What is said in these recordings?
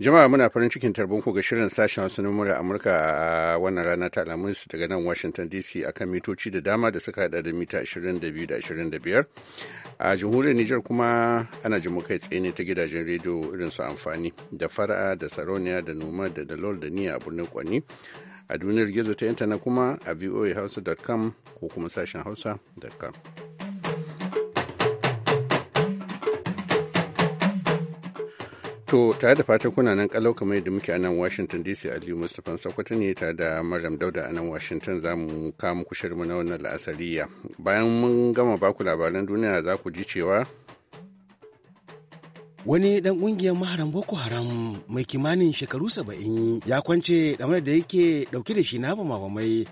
jama'a muna farin cikin tarbon ku ga shirin sashen wasu numura amurka a wannan rana ta su daga nan washington dc akan mitoci da dama da suka hada da mita 22 da 25 a jamhuriyar niger kuma ana jimu kai tsaye ne ta gidajen rediyo irin su amfani da fara'a da sarauniya da noma da dalol da niya a birnin kwanni a duniyar gizo ta intanet kuma a voahausa.com ko kuma sashen hausa.com To tare da fatan kuna nan kalau kamar da muke a nan Washington DC Aliyu Mustapha Sokoto ne tare da Maryam Dauda a nan Washington za mu kama muku na wannan la'asariya. Bayan mun gama baku labaran duniya za ku ji cewa wani ɗan ƙungiyar maharan boko haram mai kimanin shekaru saba'in ya kwance damar da yake dauke da shi na mai.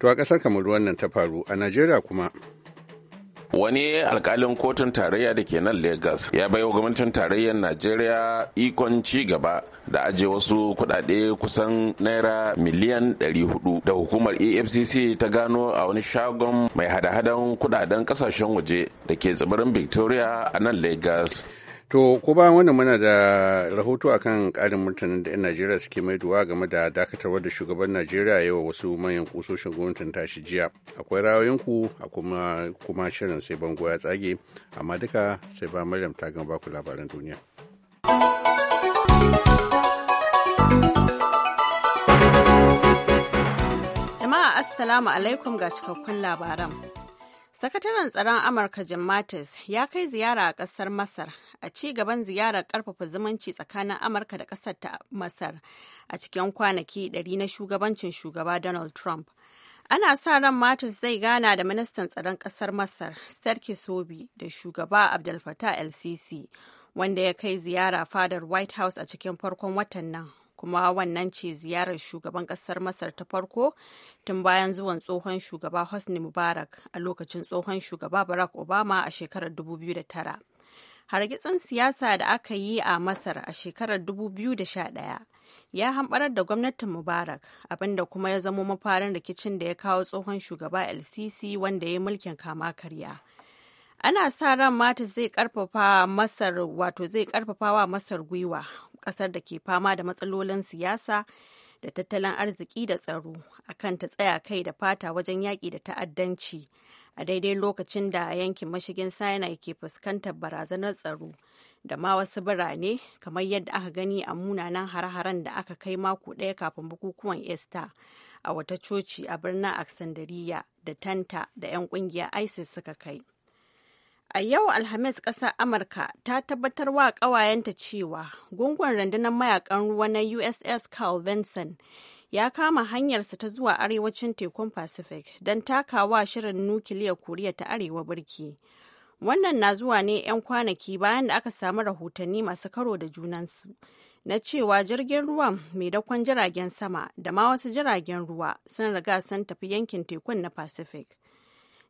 to a kasar kamar wannan ta faru a najeriya kuma wani alkalin kotun tarayya da ke nan Legas ya bai baiwa gwamnatin tarayyar najeriya ikon ci gaba da aje wasu kudade kusan naira miliyan 400 da hukumar efcc ta gano a wani shagon mai hada-hadan kudaden kasashen waje da ke tsibirin victoria a nan Legas. To, ko bayan wannan muna da rahoto akan ƙarin mutanen da 'yan Najeriya suke maiduwa game da dakatarwar da shugaban Najeriya yawa wasu manyan kusoshin gwamnatin tashi jiya. Akwai ra'ayoyinku a kuma, shirin sai bango ya tsage, amma duka sai ba Maryam ta gama baku labaran duniya. Jama'a Assalamu alaikum ga cikakkun labaran. Sakataren tsaron Amurka Jim Mattis ya kai ziyara a ƙasar Masar a ci gaban ziyarar karfafa zumunci tsakanin Amurka da ƙasar ta Masar a cikin kwanaki 100 na shugabancin shugaba Donald Trump. ana sa ran matis zai gana da ministan tsaron kasar masar sarki sobi da shugaba abdul fattah LCC wanda ya kai ziyara fadar white house a cikin farkon watan nan kuma wannan ce ziyarar shugaban kasar masar ta farko tun bayan zuwan tsohon shugaba hosni mubarak a lokacin tsohon shugaba barack obama a shekarar 2009 hargitsin siyasa da aka yi a masar a shekarar 2011 ya hamɓarar da gwamnatin mubarak abinda kuma ya zamo mafarin rikicin da ya kawo tsohon shugaba lcc wanda ya yi mulkin kama karya ana sa ran mata zai karfafa masar wato zai karfafa wa masar gwiwa kasar da ke fama da matsalolin siyasa da tattalin arziki da tsaro akan ta tsaya kai da fata wajen yaƙi da ta'addanci a daidai lokacin da yankin mashigin sinai ke fuskantar barazanar tsaro da ma wasu birane kamar yadda aka gani a munanan hare-haren da aka kai mako ɗaya kafin bukukuwan easter a wata coci a birnin alexandria da tanta da 'yan ƙungiyar isis suka kai A yau Alhamis ƙasar Amurka ta tabbatar wa ƙawayenta cewa gungun rundunar mayakan ruwa na USS Carl Vinson ya kama hanyarsa ta zuwa arewacin tekun Pacific don takawa shirin nukiliyar Koriya ta Arewa birki. Wannan na zuwa ne 'yan kwanaki bayan da aka samu rahotanni masu karo da junansu na cewa jirgin ruwan mai dakon jiragen sama da ma wasu jiragen ruwa sun riga sun tafi yankin tekun na Pacific.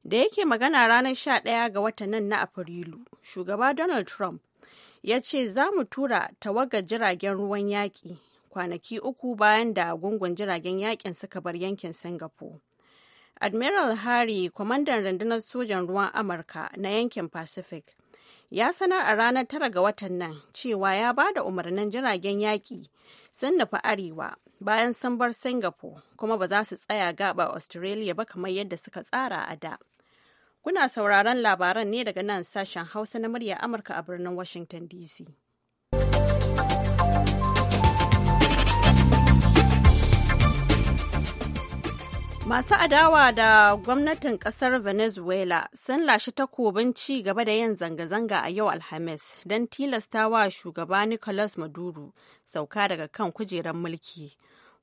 Da yake magana ranar 11 ga watan nan na Afrilu, shugaba Donald Trump ya ce za mu tura tawagar jiragen ruwan yaƙi kwanaki uku bayan da gungun jiragen yakin suka bar yankin Singapore. Admiral Harry, kwamandan rundunar sojan ruwan Amurka na yankin Pacific, ya sanar a ranar tara ga watan nan cewa ya ba da umarnin jiragen yaƙi sun nufi arewa bayan sun bar Singapore kuma ba za su tsaya gaba Australia ba kamar yadda suka tsara a da. Kuna sauraron labaran ne daga nan sashen Hausa na murya Amurka a birnin Washington DC. Masu adawa da gwamnatin kasar Venezuela sun lashe takobin ci gaba da yin zanga-zanga a yau Alhamis don wa shugaba Nicolas Maduro sauka daga kan kujerar mulki.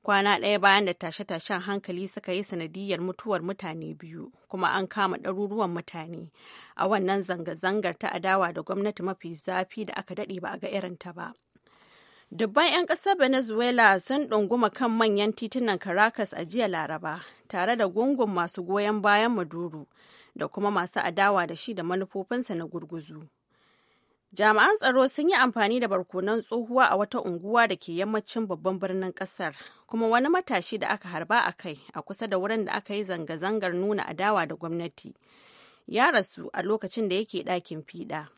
Kwana ɗaya bayan da tashe-tashen hankali suka yi sanadiyar mutuwar mutane biyu, kuma an kama ɗaruruwan mutane a wannan zanga-zangar ta adawa da gwamnati mafi zafi da aka daɗe ba a ga irinta ba. Dubban 'yan ƙasar Venezuela sun ɗunguma kan manyan titunan Caracas a jiya Laraba, tare da gungun masu goyon bayan Maduro da kuma masu adawa da shi da manufofinsa na gurguzu. Jami'an tsaro sun yi amfani da barkonan tsohuwa a wata unguwa da ke yammacin babban birnin ƙasar, kuma wani matashi da aka harba a kai a kusa da wurin da aka yi zanga-zangar nuna adawa da gwamnati. Ya rasu a lokacin da yake ɗakin fiɗa.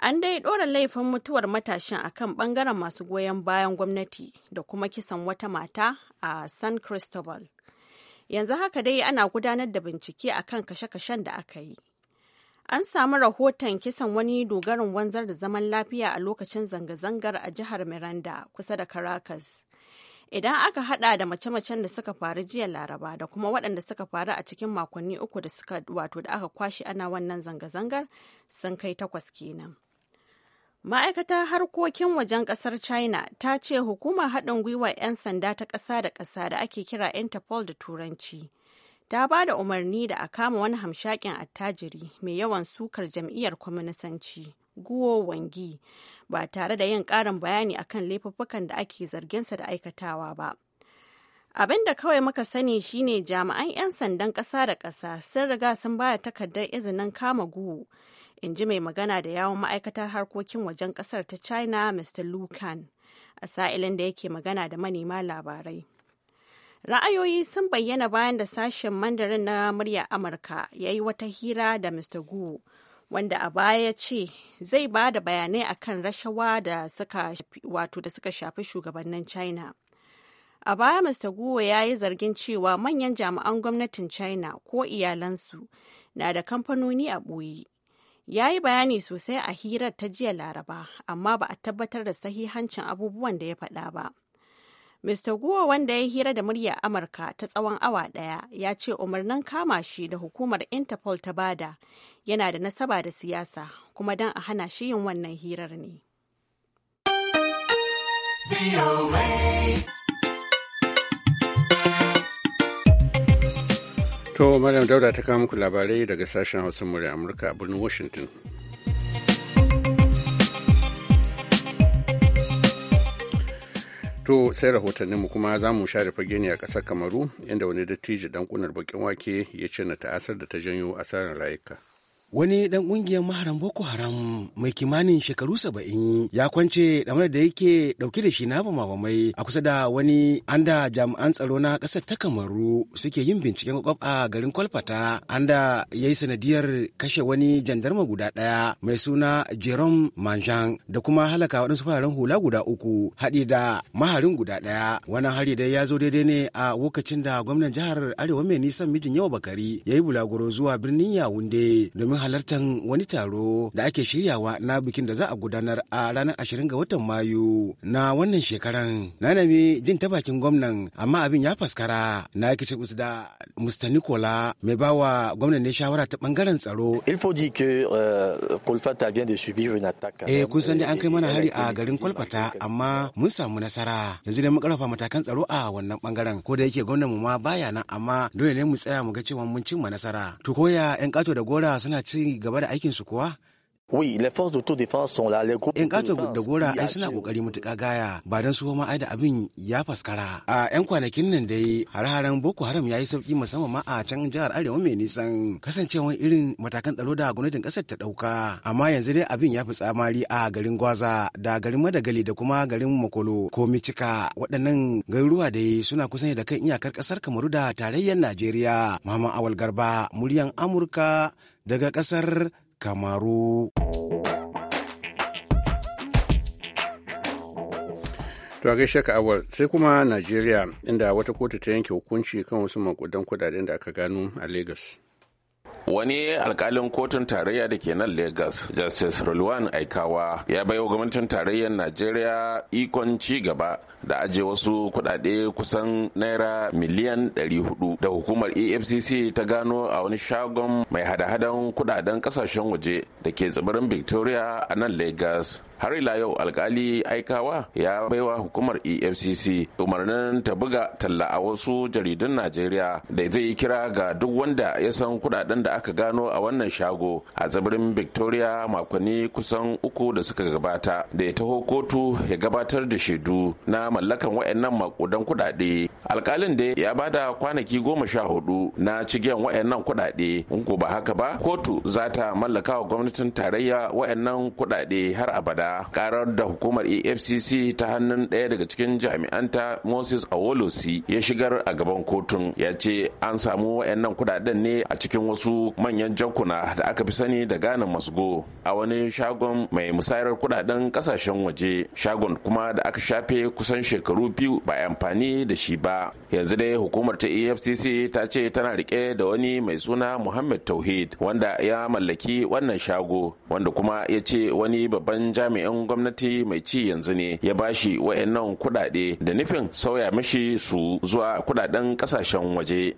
An dai ɗora laifin mutuwar matashin a kan ɓangaren masu goyon bayan gwamnati da kuma kisan wata mata a San Cristobal. Yanzu haka dai ana gudanar da bincike a kan kashe-kashen da aka yi. An samu rahoton kisan wani dogarin wanzar da zaman lafiya a lokacin zanga-zangar a jihar Miranda kusa da Caracas. Idan aka haɗa da mace-macen da suka faru jiya Laraba da kuma waɗanda suka faru a cikin makonni uku da suka wato da aka kwashe ana wannan zanga-zangar sun kai takwas kenan. Ma'aikatar harkokin wajen ƙasar China ta ce hukumar haɗin gwiwa 'yan sanda ta ƙasa da ƙasa da ake kira Interpol da Turanci. Ta ba da umarni da a kama wani hamshakin attajiri mai yawan sukar jam'iyyar kwaminisanci Guo Wangi ba tare da yin ƙarin bayani akan laifuffukan da ake zarginsa da aikatawa ba. Abin da kawai muka sani shine jami'an 'yan sandan ƙasa da ƙasa sun riga sun ba takardar izinin kama Guo. in ji mai magana da yawon ma'aikatar harkokin wajen kasar ta china mr lukan a sa'ilin da yake magana da manema labarai ra'ayoyi sun bayyana bayan da sashen mandarin na murya amurka ya yi wata hira da mr gu wanda a baya ya ce zai ba da bayanai a kan rashawa da suka wato da suka shafi shugabannin china a baya mr Gu ya yi zargin cewa manyan jami'an gwamnatin china ko iyalansu na da kamfanoni a ɓoye ya yi bayani sosai a hirar ta jiya laraba amma ba a tabbatar da sahihancin abubuwan da ya faɗa ba mr guo wanda ya hira da muryar amurka ta tsawon awa ɗaya ya ce umarnin kama shi da hukumar interpol ta bada yana da nasaba da siyasa kuma don a hana shi yin wannan hirar ne. To, Maryam Dauda ta kawo muku labarai daga sashen Hausa murya Amurka a birnin Washington. To, sai rahotanninmu kuma za mu share fage ne a ƙasar Kamaru, inda wani dattijo dan kunar bakin wake ya ce na ta'asar da ta janyo asarar rayuka. wani dan kungiyar maharan boko haram mai kimanin shekaru saba'in ya kwance damar da yake dauke da shi na bamabamai a kusa da wani anda jami'an tsaro na kasar ta kamaru suke yin binciken kwakwaf a garin kwalfata anda ya yi sanadiyar kashe wani jandarma guda ɗaya mai suna jerome manjan da kuma halaka waɗansu fararen hula guda uku haɗi da maharin guda daya wannan hari dai ya zo daidai ne a lokacin da gwamnan jihar arewa mai nisan mijin yawa bakari ya yi bulaguro zuwa birnin yawunde domin halartar wani taro da ake shiryawa na bikin da za a gudanar a ranar ashirin ga watan Mayu na wannan shekaran. Na nemi jin ta bakin gwamnan amma abin ya faskara na kici da Mr. Nicola mai bawa gwamnan ne shawara ta bangaren tsaro. Il faut dire que euh, vient de subir une attaque. Eh kun san dai an kai mana hari a garin Kolfata amma mun samu nasara. Yanzu dai mun karfafa matakan tsaro a wannan bangaren ko da yake gwamnan mu ma baya nan amma dole ne mu tsaya mu ga cewa mun cimma nasara. To koya yan kato da gora suna ci tasiri gaba da aikinsu kuwa Oui, les forces d'autodéfense sont là, les groupes. Yan kato da gora ai suna kokari mutuka gaya ba dan su ma ai da abin ya faskara. A yan kwanakin nan dai har-haren Boko Haram ya yi sauki musamman ma a can jihar Arewa mai nisan kasancewar irin matakan tsaro da gwamnatin kasar ta dauka. Amma yanzu dai abin ya fi tsamari a garin Gwaza da garin Madagali da kuma garin Makolo ko Micika waɗannan garuruwa dai suna kusan da kan iyakar kasar Kamaru da tarayyar Najeriya. mama Awal Garba muryan Amurka daga kasar kamaru to a gaishe ka awal sai kuma najeriya inda wata kotu ta yanke hukunci kan wasu makudan kudaden da aka gano a lagos wani alkalin kotun tarayya da ke nan lagos justice rulwan aikawa ya baiwa gwamnatin tarayyar najeriya ikon ci gaba da aje wasu kudade kusan naira miliyan 400 da hukumar efcc ta gano a wani shagon mai hada-hadan kudaden kasashen waje da ke tsibirin victoria a nan lagos har ila yau alkali aikawa ya baiwa hukumar efcc umarnin ta buga talla a wasu jaridun najeriya da zai kira ga duk wanda ya san kudaden da aka gano a wannan shago a tsibirin victoria makonni kusan uku da suka gabata da ya taho kotu ya gabatar da shaidu na mallakan wayannan makudan kudade alkalin da ya bada kwanaki goma sha hudu na cigiyan wayannan kudade in ko ba haka ba kotu za ta mallaka wa gwamnatin tarayya wayannan kudade har abada karar da hukumar efcc ta hannun ɗaya daga cikin jami'anta moses awolosi ya shigar a gaban kotun ya ce an samu wayannan kudaden ne a cikin wasu manyan jankuna da aka fi sani da ganin masgo a wani shagon mai musayar kudaden kasashen waje shagon kuma da aka shafe kusa. kusan shekaru biyu ba amfani da shi ba yanzu dai hukumar ta efcc ta ce tana rike da wani mai suna muhammad tauhid wanda ya mallaki wannan shago wanda kuma ya ce wani babban jami'in gwamnati mai ci yanzu ne ya ba bashi wa'annan kudade da nufin sauya mashi su zuwa kudaden kasashen waje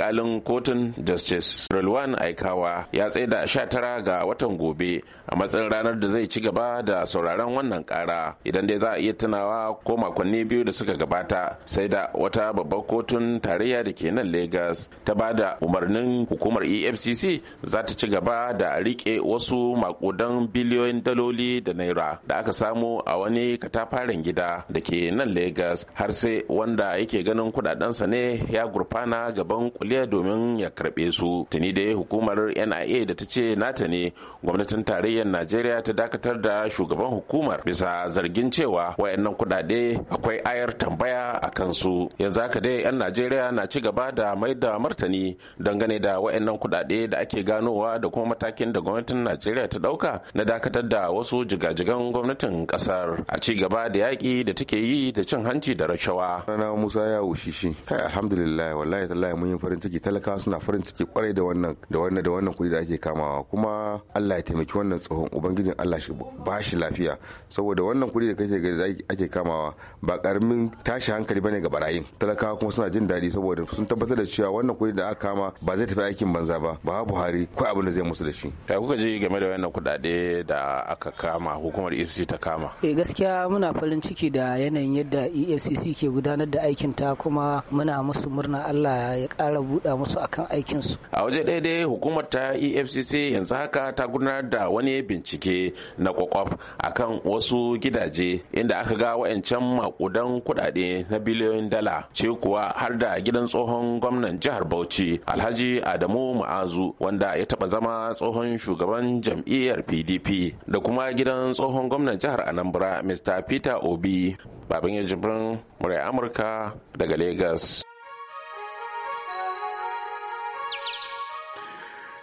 alkalin kotun justice Relwan aikawa ya tsaida sha tara ga watan gobe a matsayin ranar da zai ci gaba da sauraron wannan kara idan dai za a iya tunawa ko makonni biyu da suka gabata sai da wata babbar kotun tarayya da ke nan Legas ta ba da umarnin hukumar efcc za ta ci gaba da rike wasu makudan biliyoyin daloli da naira da aka samu a wani katafaren gida da ke nan Legas har sai wanda yake ganin kudadensa ne ya gurfana gaban kuliya domin ya karɓe su tuni dai hukumar nia da ta ce nata ne gwamnatin tarayyar najeriya ta dakatar da shugaban hukumar bisa zargin cewa wayannan kuɗaɗe akwai ayar tambaya a kansu yanzu haka dai 'yan najeriya na ci gaba da mai da martani dangane da wayannan kuɗaɗe da ake ganowa da kuma matakin da gwamnatin najeriya ta ɗauka na dakatar da wasu jigajigan gwamnatin kasar a ci gaba da yaki da take yi da cin hanci da rashawa. sana Musa ya shi Alhamdulillah wallahi tallahi mun yi farin ciki talakawa suna farin ciki kwarai da wannan da wannan da wannan kuɗi da ake kamawa kuma Allah ya taimaki wannan tsohon ubangijin Allah shi ba shi lafiya saboda wannan kuɗi da kake da ake kamawa ba karamin tashi hankali bane ga barayin talakawa kuma suna jin daɗi saboda sun tabbatar da cewa wannan kuɗi da aka kama ba zai tafi aikin banza ba ba Buhari ko abin da zai musu da shi ya kuka ji game da wannan kuɗaɗe da aka kama hukumar EFCC ta kama eh gaskiya muna farin ciki da yanayin yadda EFCC ke gudanar da aikin ta kuma muna musu murna Allah ya ƙara fara buɗa musu akan aikinsu. A waje ɗaya dai hukumar ta EFCC yanzu haka ta gudanar da wani bincike na kwakwaf akan wasu gidaje inda aka ga wa'ancan makudan kuɗaɗe na biliyoyin dala ce kuwa har da gidan tsohon gwamnan jihar Bauchi Alhaji Adamu Ma'azu wanda ya taɓa zama tsohon shugaban jam'iyyar PDP da kuma gidan tsohon gwamnan jihar Anambra Mr. Peter Obi Babin Jibrin Murai Amurka daga Legas.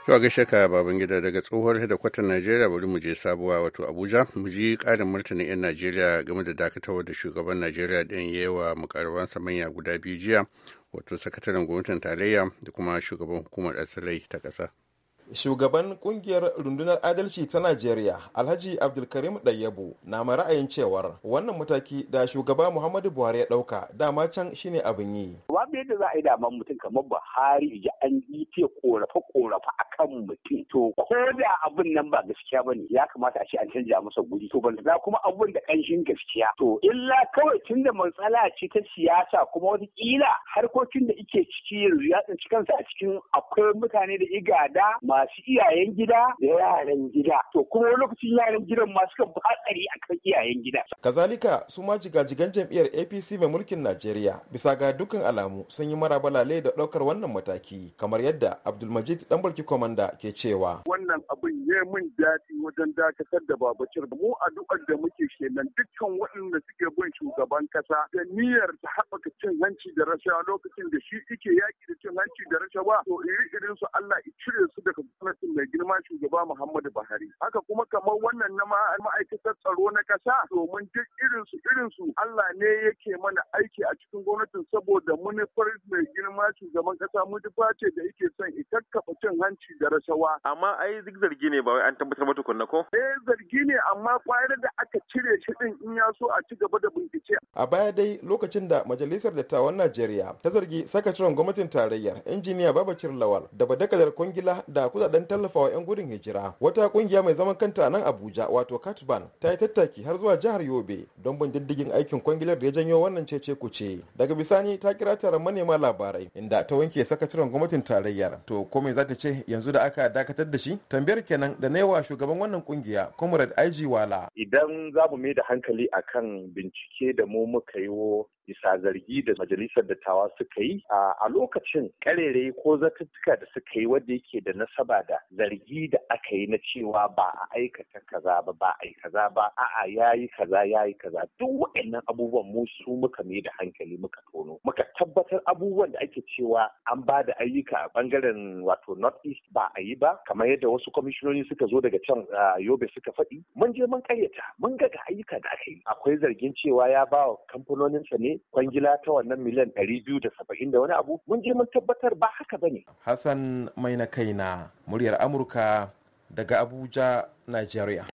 yau a gaishe ka baban gida daga tsohuwar hedakwatar Najeriya bari mu je sabuwa wato Abuja mu ji karin martanin 'yan Najeriya game da dakatawar da shugaban Najeriya ɗin yawa mukarrabansa manya guda biyu jiya wato sakataren gwamnatin tarayya da kuma shugaban hukumar asalai ta ƙasa. shugaban kungiyar rundunar adalci ta najeriya alhaji abdulkarim ɗayyabo na ma ra'ayin cewar wannan mataki da shugaba muhammadu buhari ya ɗauka dama can shine abin yi babu yadda za a yi daman mutum kamar buhari ya an yi ce korafe korafa akan mutum to ko da abin nan ba gaskiya bane ya kamata a ce an canja masa guri to banda kuma abin da kanshin gaskiya to illa kawai tun da matsala ce ta siyasa kuma wata harkokin da ike ciki yanzu ya tsinci kansa a cikin akwai mutane da igada shi iyayen gida da yaran gida to kuma wani lokacin yaran gidan ma ba tsari hatsari akan iyayen gida kazalika su ma jigajigan jam'iyyar APC mai mulkin Najeriya bisa ga dukkan alamu sun yi marabalale da ɗaukar wannan mataki kamar yadda Abdulmajid Danbarki Komanda ke cewa wannan abin ya mun daɗi wajen dakatar da babacir mu a dukkan da muke kenan dukkan waɗanda suke bin shugaban kasa da niyyar ta haɓaka cin hanci da rasha lokacin da shi ike yaƙi da cin hanci da rasha ba? to iri irin su Allah ya cire su daga sanatin mai girma shugaba Muhammadu Buhari. Haka kuma kamar wannan na ma'aikatar tsaro na ƙasa domin duk irinsu irinsu Allah ne yake mana aiki a cikin gwamnatin saboda munufar mai girma shugaban ƙasa mutufa ce da yake son ikakkafa cin hanci da rasawa. Amma ai duk zargi ne ba wai an tabbatar ba tukunna ko? Eh zargi ne amma kwayar da cire shi din in ya so a ci gaba da bincike. A baya dai lokacin da Majalisar Dattawan Najeriya ta zargi sakataren gwamnatin tarayyar injiniya Babacir Lawal da badakalar kwangila da kudaden tallafawa 'yan gudun hijira. Wata kungiya mai zaman kanta nan Abuja wato Katban ta yi tattaki har zuwa jihar Yobe don bin diddigin aikin kwangilar da ya janyo wannan cece kuce. Daga bisani ta kira taron manema labarai inda ta wanke sakataren gwamnatin tarayyar. To ko me za ta ce yanzu da aka dakatar da shi? Tambayar kenan da na wa shugaban wannan kungiya Comrade IG Wala. Idan za za mai da hankali akan bincike da mu muka yi bisa zargi da majalisar dattawa suka yi a lokacin karere ko zatuttuka da suka yi wadda yake da nasaba da zargi da aka yi na cewa ba a aikata kaza ba ba a yi kaza ba a'a yayi kaza yayi kaza duk waɗannan abubuwan mu su muka mai da hankali muka tono muka tabbatar abubuwan da ake cewa an ba da ayyuka a bangaren wato north east ba a yi ba kamar yadda wasu kwamishinoni suka zo daga can yobe suka faɗi mun je mun kayyata mun ga ayyuka da aka yi akwai zargin cewa ya ba wa kamfanoninsa ne kwangila ta wannan miliyan ɗari biyu da saba'in da wani abu mun je mun tabbatar ba haka ba ne. Hassan mai na kai na muryar Amurka daga Abuja, Najeriya.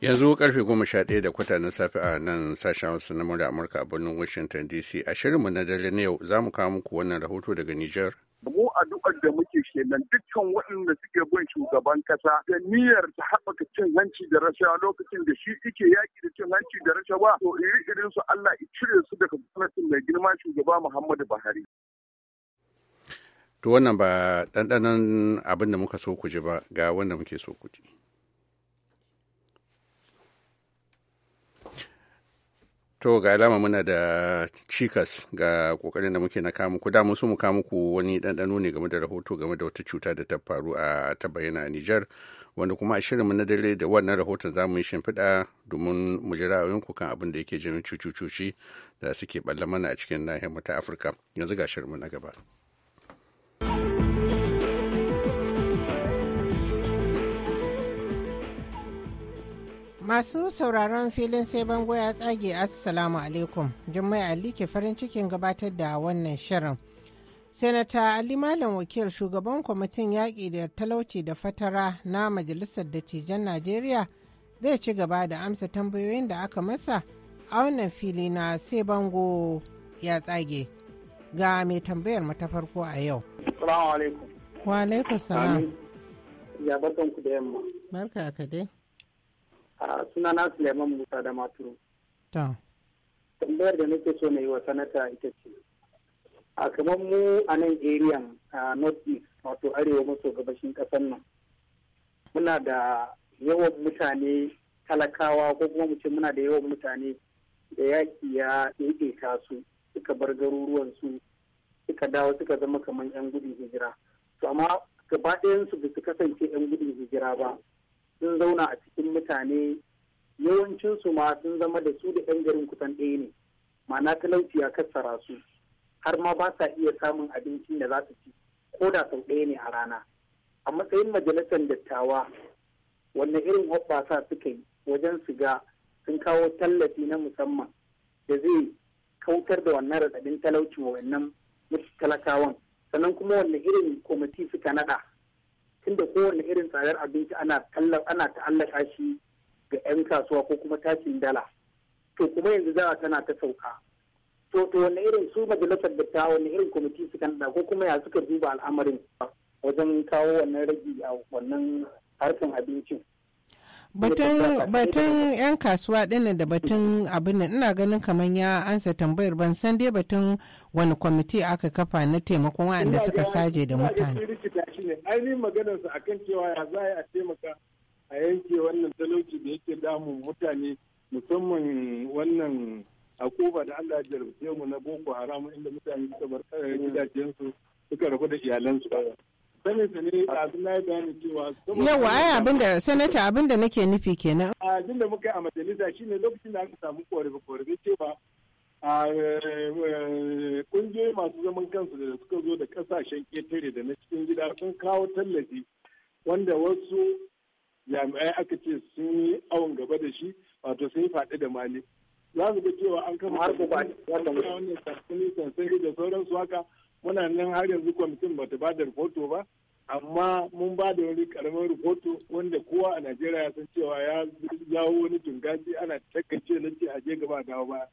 yanzu karfe goma sha ɗaya da kwata na safe a nan sashen wasu na murya amurka a birnin washington dc a shirinmu na dare na yau za mu kawo muku wannan rahoto daga niger mu addu'ar da muke kenan dukkan waɗanda suke bin shugaban kasa da niyyar ta haɓaka cin hanci da rashawa lokacin da shi ike yaƙi da cin hanci da rashawa to iri irin su Allah i cire su daga gwamnatin mai girma shugaba Muhammadu Buhari to wannan ba ɗanɗanon abin da muka so ku ji ba ga wanda muke so ku ji To ga alama muna da cikas ga kokarin da muke na kamu ku da musu mu kamu ku wani ɗanɗano ne game da rahoto game da wata cuta da ta faru a ta bayyana a Nijar wanda kuma a shirinmu na dare da wannan rahoton za mu yi shimfiɗa domin mu ji ku kan abin da yake jin cucucuci da suke ɓalla mana a cikin nahiyar mu ta Afirka yanzu ga shirinmu na gaba. Masu sauraron filin sai bango ya tsage Assalamu alaikum. Jummai Ali ke farin cikin gabatar da wannan shirin. Senata Ali Malam Wakil shugaban kwamitin yaƙi da talauci da fatara na Majalisar Dattijan Najeriya zai ci gaba da amsa tambayoyin da aka masa a wannan fili na sai bango ya tsage. Ga mai tambayar mata farko a yau. Assalamu Wa alaikum salam. Ya barkanku da yamma. Barka ka dai. sunana suleiman musa da maturu tambayar da nake so na yi wa sanata ita ce a kamar mu a nan eriyan a north east wato arewa maso gabashin ƙasar nan muna da yawan mutane talakawa ko kuma mu ce muna da yawan mutane da yaƙi ya ɗaiɗaita su suka bar garuruwan su suka dawo suka zama kamar 'yan gudun hijira to amma gaba su bisu kasance 'yan gudun hijira ba sun zauna a cikin mutane yawancinsu ma sun zama da su da 'yan garin kusan ɗaya ne ma'ana talauci ya kassara su har ma ba sa iya samun abincin da za su ci ko da sau ɗaya ne a rana a matsayin majalisar dattawa wanne irin hoɓɓasa suka yi wajen siga sun kawo tallafi na musamman da zai kautar da wannan raɗaɗin talauci talaucin wa'annan talakawan sannan kuma wanne irin kwamiti suka naɗa tunda kowane irin tsadar abinci ana ana ta'allaka shi ga 'yan kasuwa ko kuma tashin dala to kuma yanzu za a tana ta sauka to to wani irin su majalisar ta wani irin kwamiti suka da ko kuma ya suka duba al'amarin wajen kawo wannan ragi a wannan harkan abincin batun yan kasuwa dinnan da batun abin ina ganin kamar ya ansa tambayar ban san dai batun wani kwamiti aka kafa na taimakon waɗanda suka saje da mutane ainihin maganarsa a kan cewa ya za a taimaka a yanke wannan talauci da yake damun mutane musamman wannan akuba da Allah ya mu na boko haram inda mutane suka bar eh, gidajensu suka rabu da iyalansu sanata ne abin na bayani cewa yawa ai abin da sanata abin da nake nufi kenan abin da muka yi a majalisa shi ne lokacin da aka samu korafe korafe cewa a eh, kungiyoyi masu zaman kansu da suka zo da kasashen ketare da na cikin gida sun kawo tallafi wanda wasu jami'ai aka ce sun yi awon gaba da shi wato sun yi faɗi da mali za su ga cewa an kama har ba wannan sansani sansani da sauransu haka muna nan har yanzu kwamitin bata ba da rahoto ba amma mun ba da wani karamin rahoto wanda kowa a najeriya ya san cewa ya jawo wani tungaji ana takkace na ce a je gaba a dawo ba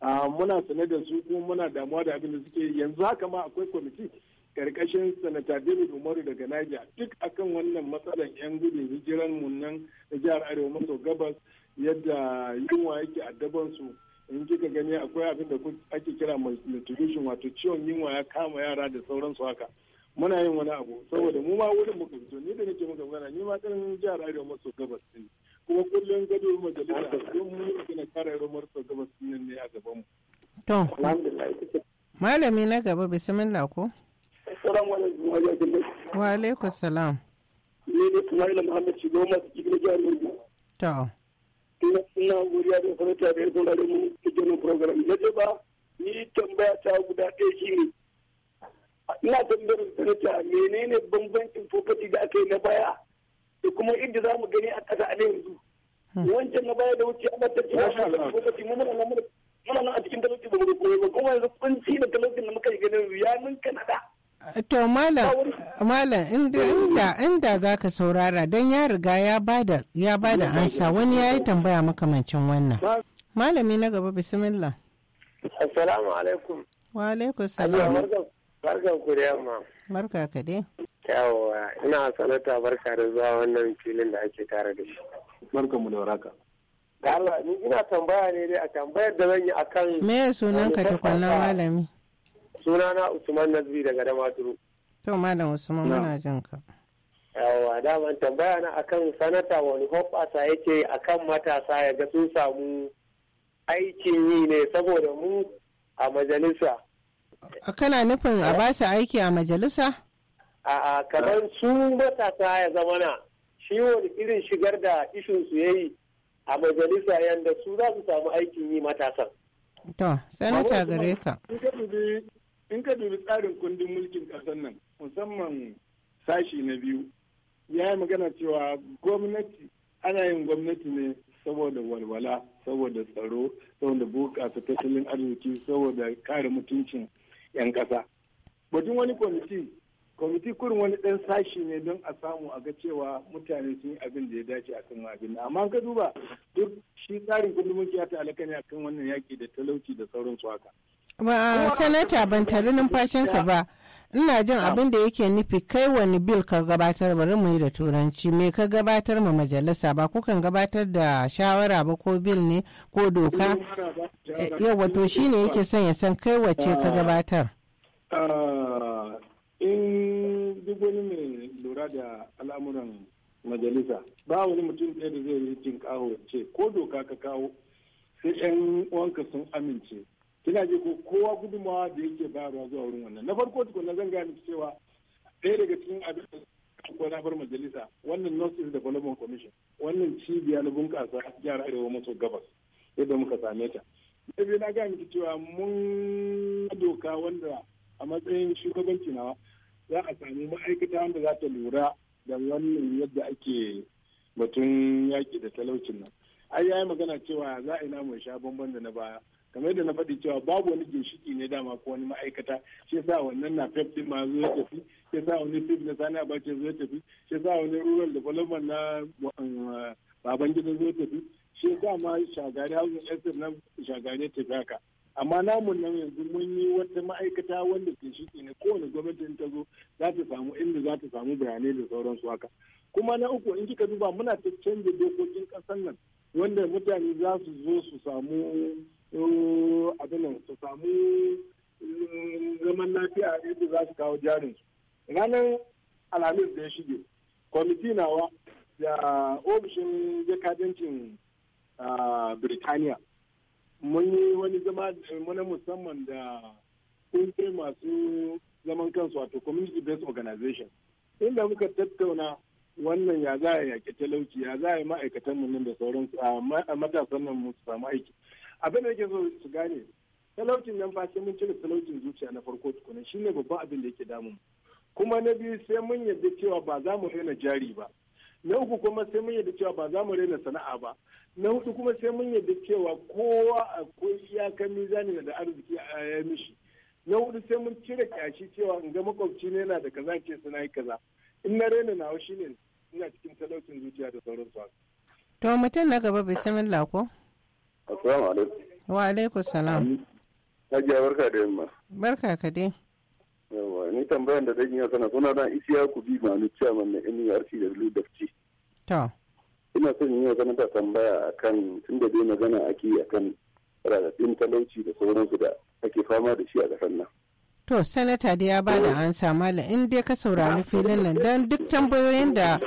ah, muna sane da su kuma muna damuwa da abin da suke yanzu haka ma akwai kwamiti karkashin sanata david umaru daga niger duk akan wannan matsalar yan gudun hijiran mu nan da jihar arewa maso gabas yadda yunwa yake addaban su in kika gani akwai abin da ake kira mai malnutrition wato ciwon yunwa ya kama yara da sauransu haka muna yin wani abu saboda mu ma wurin muka fito ni da nake muka magana ni ma ɗan jihar arewa maso gabas ne kuma kullum gado majalisa don mu yi na kare arewa maso gabas nan ne a gaban mu. to malami na gaba bismillah ko. assalamu alaikum wa rahmatullahi wa alaikum salam. ni ne kuma tumarila muhammad shigo masu cikin jihar yanzu. to. ina godiya da tare da ya saurare mu cikin program na ba ni tambaya ta guda ɗaya shi ne. ina tambayar sanata menene bambancin property da aka yi na baya da kuma inda za mu gani a kasa a yanzu hmm. wancan na baya da wuce a mata ce wasu property muna nan muna nan a cikin talauci ba mu koyi ba kuma yanzu kunci da talaucin da muka yi ganin ya mun kanada To malam malam inda inda zaka saurara don ya riga ya ba da ansa wani ya yi tambaya makamancin wannan. Malami na gaba bismillah. Assalamu alaikum. Wa alaikum salam. Barka ku da yamma. Barka ka dai. Yawwa ina sanata barka da zuwa wannan filin da ake tare da shi. Barka mu da waraka. Da Allah ni ina tambaya ne dai a tambayar da zan yi akan. Me ya sunan ka tukunna malami? Sunana Usman Nazbi daga Damaturu. To malam Usman muna jin ka. Yawwa daman tambaya na akan sanata wani hoɓasa yake akan matasa ya ga sun samu aikin yi ne saboda mu a majalisa Kana nufin a ba su aiki a majalisa? A'a, kamar su matasa ya zama na shi wani irin shigar da ishin su yi a majalisa yadda su za su samu aikin yi matasan. To, sanata gare ka. In ka dubi tsarin kundin mulkin ƙasar nan, musamman sashi na biyu, ya yi magana cewa gwamnati ana yin gwamnati ne saboda walwala saboda tsaro saboda buƙasa tattalin arziki saboda kare mutuncin 'yan ƙasa. Batun wani kwamiti, kwamiti kurin wani ɗan sashi ne don a samu a ga cewa mutane sun yi abin da ya dace a kan abin. Amma ka duba duk shi tsarin kundin mulki ya ta'allaka ne a kan wannan yaƙi da talauci da sauransu haka. Ba sanata ban tare numfashinka ba. ina jin abin da yake nufi kai wani bil ka gabatar bari mu yi da turanci me ka gabatar ma majalisa ba kukan gabatar da shawara ba ko bil ne ko doka yawa eh, to shine yake son ya san kai wace ka ah. gabatar ah, in duk wani mai lura da al'amuran majalisa ba wani mutum ɗaya da zai yi tinkaho ce ko doka ka kawo sai 'yan wanka sun amince kina ji ko kowa gudunmawa da yake bayarwa zuwa wurin wannan na farko tukuna zan gaya cewa ɗaya daga cikin abin da ko na bar majalisa wannan north east development commission wannan cibiya na bunƙasa jihar arewa maso gabas yadda muka same ta na biyu na gaya cewa mun doka wanda a matsayin shugabanci nawa za a sami ma'aikata wanda za ta lura da wannan yadda ake batun yaƙi da talaucin nan ai yi magana cewa za a ina mai sha bamban da na baya kamar yadda na faɗi cewa babu wani ginshiki ne dama ko wani ma'aikata shi sa wannan na pep din ma zo ya tafi shi sa wani pep na sani abace zo ya tafi shi sa wani rural development na um, baban gida zo ya tafi shi sa ma shagari hausa estate na shagari tafi haka amma namun nan yanzu mun yi wata ma'aikata wanda ginshiki ne kowane gwamnati ta zo za ta samu inda za ta samu bayanai da sauransu haka kuma na uku in kika duba muna ta canza dokokin ƙasar nan wanda mutane za su zo su samu abin abinan su samu mm, zaman lafiya yadda za su kawo jarin su ranar alhamis da ya shige kwamiti nawa da ofishin jakadancin birtaniya mun yi wani zama na musamman da kungiyar masu zaman kansu wato community based organization inda muka tattauna wannan ya za a yaƙi talauci ya za a yi ma'aikatan mu nan da sauran matasan nan mu su samu aiki abin da yake so su gane talaucin nan fa sai mun cire talaucin zuciya na farko tukuna ne babban abin da yake damun kuma na biyu sai mun yadda cewa ba za mu raina jari ba na uku kuma sai mun yadda cewa ba za mu raina sana'a ba na hudu kuma sai mun yadda cewa kowa akwai iyakar mizani da arziki a ya mishi na hudu sai mun cire kyashi cewa in ga makwabci ne yana da kaza ke suna yi kaza in na raina nawa shine ina cikin talaucin zuciya da sauransu to mutum na gaba bai samin lako Assalamu alaikum. Wa alaikum salam. Hajiya barka da yamma. Barka ka dai. Yawwa ni tambayan da zan yi sana suna dan isiya ku bi ma ni chairman na NURC e da LUDFC. E to. Ina son yi wa ta tambaya akan tun da dai magana ake akan radadin talauci da sauransu da ake fama da shi a ƙasar nan. To sanata da ya eh. bada ansa malam in dai ka saurari filin nan don duk tambayoyin da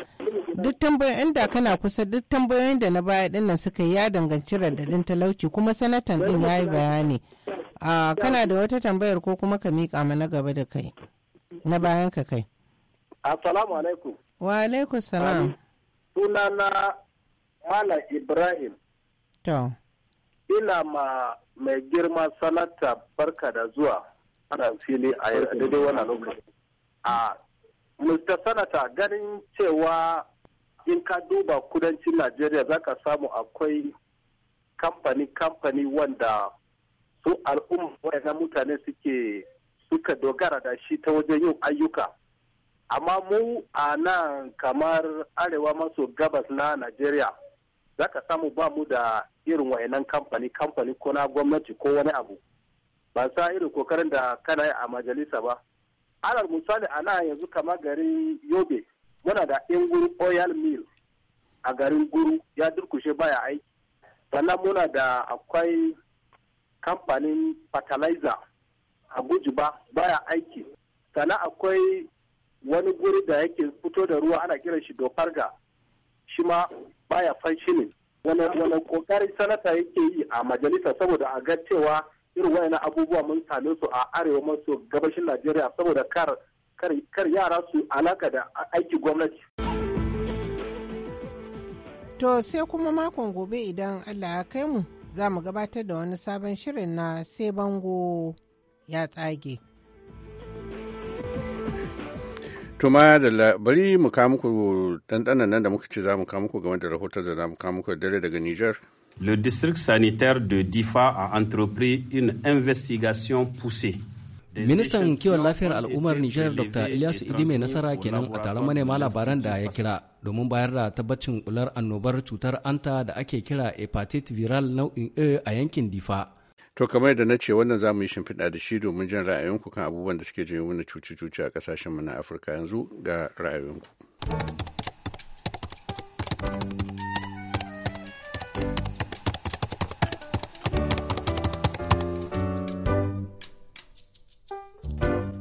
duk tambayoyin da kana kusa duk tambayoyin da na baya dinnan suka yi ya danganci radadin talauci kuma sanatan din ya yi bayani a kana da wata tambayar ko kuma ka miƙa mana gaba da kai na bayan ka kai assalamu alaikum wa alaikum salam suna na malam ibrahim to ina ma mai girma sanata barka da zuwa ana fili a yadda wani lokaci a Mr. Sanata ganin cewa in ka duba kudancin najeriya za ka samu akwai kamfani kamfani wanda su al'umma na mutane suke suka dogara da shi ta wajen yin ayyuka amma mu a nan kamar arewa maso gabas na najeriya za ka samu ba mu da irin wayannan kamfani kamfani ko na gwamnati ko wani abu ba sa irin kokarin da kana yi a majalisa ba alal misali a nan yanzu kamar garin yobe muna da yan guru oil mill a garin guru ya durkushe baya aiki sannan muna da akwai kamfanin fertilizer a gujiba baya aiki sannan akwai wani guri da yake fito da ruwa ana kiran shi dofarga shi ma baya functioning wani kokarin sanata yake yi a majalisa saboda a ga cewa irin wayannan abubuwa mun same su a arewa maso gabashin najeriya saboda kar kar yara su alaka da aiki gwamnati. To sai kuma makon gobe idan Allah ya kai mu za mu gabatar da wani sabon shirin na sai bango ya tsage. Tuma da bari mu muku dandana nan da muka ce za mu kama muku game da rahoton da za mu kama muku dare daga Nijar. Le district sanitaire de Difa a entrepris une investigation poussée Ministan kiwon lafiyar al'ummar Nijar Dr. Ilyasu Idi mai nasara kenan a taron manema labaran da ya kira domin bayar da tabbacin bular annobar cutar anta da ake kira hepatitis viral nau'in A a yankin Difa. To kamar da na ce wannan zamu yi shimfiɗa da shi domin jin ra'ayinku kan abubuwan da suke janyo mana cuce-cuce a kasashen mu na Afirka yanzu ga ra'ayinku.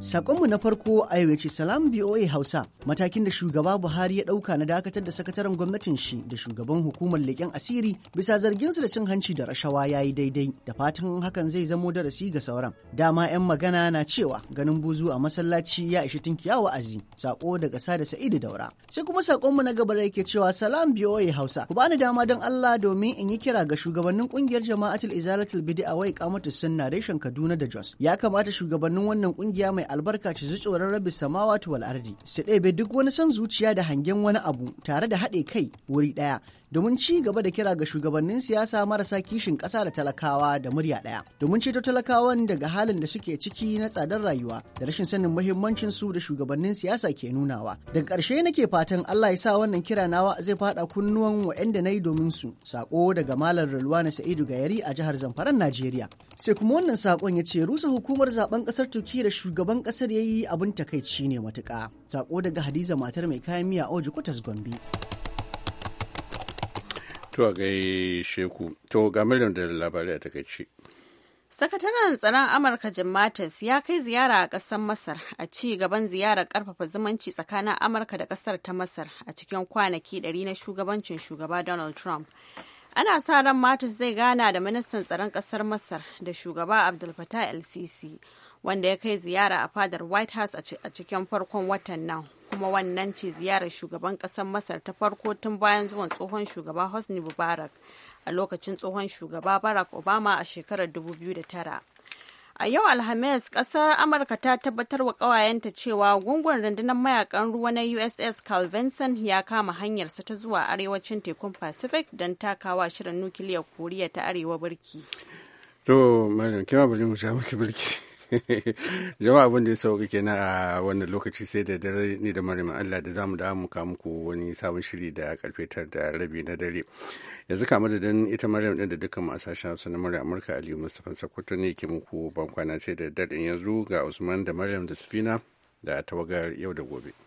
Sakonmu na farko a yau ce salam BOA Hausa matakin da shugaba Buhari ya dauka na dakatar da sakataren gwamnatin shi da shugaban hukumar leƙen asiri bisa zargin su da cin hanci da rashawa ya yi daidai da fatan hakan zai zamo darasi ga sauran. Dama 'yan magana na cewa ganin buzu a masallaci ya ishi tinkiya wa'azi. Sako daga da Sa'idu Daura. Sai kuma sakonmu na gaba yake cewa salam BOA Hausa ku bani dama don Allah domin in yi kira ga shugabannin kungiyar jama'atul izalatul bid'a wai kamatu sunna reshen Kaduna da Jos. Ya kamata shugabannin wannan kungiya mai albarka ci zu tsoron rabbi samawati wal ardi su ɗebe duk wani son zuciya da hangen wani abu tare da haɗe kai wuri ɗaya domin ci gaba da kira ga shugabannin siyasa marasa kishin ƙasa da talakawa da murya ɗaya domin ceto talakawan daga halin da suke ciki na tsadar rayuwa da rashin sanin muhimmancin su da shugabannin siyasa ke nunawa daga ƙarshe nake fatan Allah ya sa wannan kira nawa zai faɗa kunnuwan waɗanda na yi domin su sako daga malam na Sa'idu Gayari a jihar Zamfaran Najeriya sai kuma wannan sakon ya ce rusa hukumar zaben ƙasar turki da shugaban ƙasar yayi abin takaici ne matuƙa sako daga Hadiza matar mai kayan miya a Kutas Gombe To gai sheku, to ga miliyan da labarai a takaice. Sakataren tsaron Amurka Jim Mattis ya kai ziyara a ƙasar Masar a ci gaban ziyarar ƙarfafa zumunci tsakanin Amurka da ƙasar ta Masar a cikin kwanaki ɗari na shugabancin shugaba Donald Trump. Ana sa ran Mattis zai gana da ministan tsaron ƙasar Masar da shugaba Abdul Fattah El Sisi wanda ya kai ziyara a fadar White House a cikin farkon watan nan kuma wannan ce ziyarar shugaban ƙasar masar ta farko tun bayan zuwan tsohon shugaba hosni mubarak a lokacin tsohon shugaba barack obama a shekarar 2009 a yau alhamis ƙasar amurka ta tabbatar wa ƙawayenta cewa gungun rundunar mayakan ruwa na uss carl vinson ya kama hanyarsa ta zuwa arewacin tekun pacific don takawa shirin nukiliyar koriya ta arewa birki to mariam kima bari mu sha maki birki jama'a abin da ya sauka kenan a wannan lokaci sai da dare ne da marimin allah da zamu da mu muku wani sabon shiri da karfe tar da rabi na dare yanzu kama da dan ita maryam din da dukkan masashen su na murya amurka aliyu mustapha sakwato ne ke muku bankwana sai da dare yanzu ga usman da maryam da safina da tawagar yau da gobe